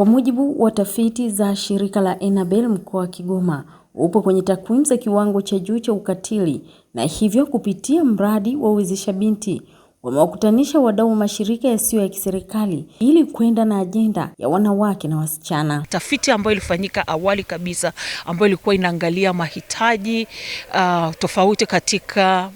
Kwa mujibu wa tafiti za shirika la Enabel mkoa wa Kigoma upo kwenye takwimu za kiwango cha juu cha ukatili na hivyo kupitia mradi wa Wezesha Binti wamewakutanisha wadau wa mashirika yasiyo ya kiserikali ili kwenda na ajenda ya wanawake na wasichana. Tafiti ambayo ilifanyika awali kabisa ambayo ilikuwa inaangalia mahitaji uh, tofauti katika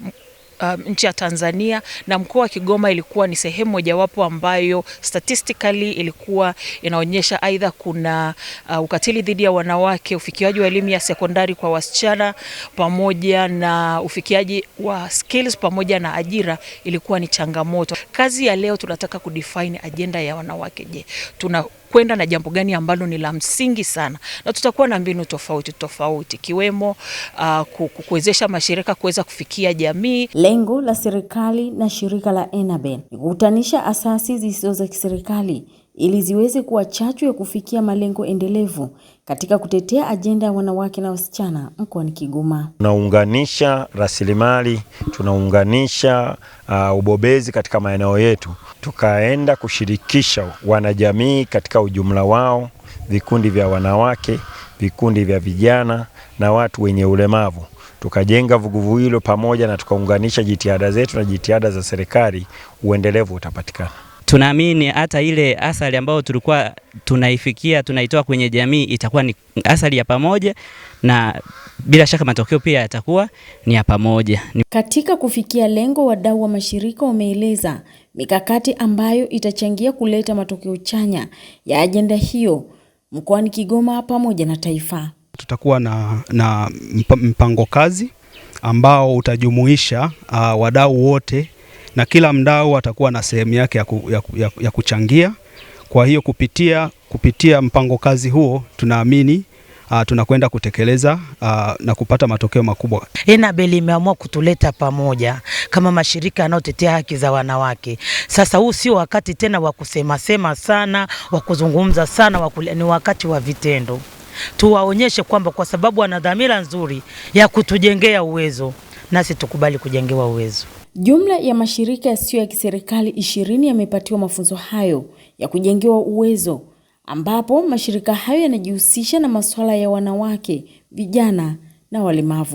um, nchi ya Tanzania na mkoa wa Kigoma ilikuwa ni sehemu mojawapo ambayo statistically ilikuwa inaonyesha aidha kuna uh, ukatili dhidi ya wanawake, ufikiaji wa elimu ya sekondari kwa wasichana, pamoja na ufikiaji wa skills pamoja na ajira ilikuwa ni changamoto. Kazi ya leo tunataka kudefine ajenda ya wanawake. Je, tuna kwenda na jambo gani ambalo ni la msingi sana, na tutakuwa na mbinu tofauti tofauti ikiwemo uh, kuwezesha mashirika kuweza kufikia jamii. Lengo la serikali na shirika la ENABEN ni kukutanisha asasi zisizo za kiserikali ili ziweze kuwa chachu ya kufikia malengo endelevu katika kutetea ajenda ya wanawake na wasichana mkoani Kigoma. Tunaunganisha rasilimali, tunaunganisha uh, ubobezi katika maeneo yetu, tukaenda kushirikisha wanajamii katika ujumla wao, vikundi vya wanawake, vikundi vya vijana na watu wenye ulemavu tukajenga vuguvugu hilo pamoja na tukaunganisha jitihada zetu na jitihada za serikali, uendelevu utapatikana tunaamini hata ile athari ambayo tulikuwa tunaifikia tunaitoa kwenye jamii itakuwa ni athari ya pamoja, na bila shaka matokeo pia yatakuwa ni ya pamoja. Katika kufikia lengo, wadau wa mashirika wameeleza mikakati ambayo itachangia kuleta matokeo chanya ya ajenda hiyo mkoani Kigoma pamoja na taifa. Tutakuwa na, na mpango kazi ambao utajumuisha uh, wadau wote na kila mdau atakuwa na sehemu yake ya, ku, ya, ya, ya kuchangia. Kwa hiyo kupitia, kupitia mpango kazi huo tunaamini Uh, tunakwenda kutekeleza uh, na kupata matokeo makubwa. Enabel imeamua kutuleta pamoja kama mashirika yanayotetea haki za wanawake. Sasa huu sio wakati tena wa kusema sema sana, wa kuzungumza sana, ni wakati wa vitendo. Tuwaonyeshe kwamba kwa sababu wana dhamira nzuri ya kutujengea uwezo, nasi tukubali kujengewa uwezo. Jumla ya mashirika yasiyo ya kiserikali ishirini yamepatiwa mafunzo hayo ya kujengewa uwezo ambapo mashirika hayo yanajihusisha na masuala ya wanawake, vijana na walemavu.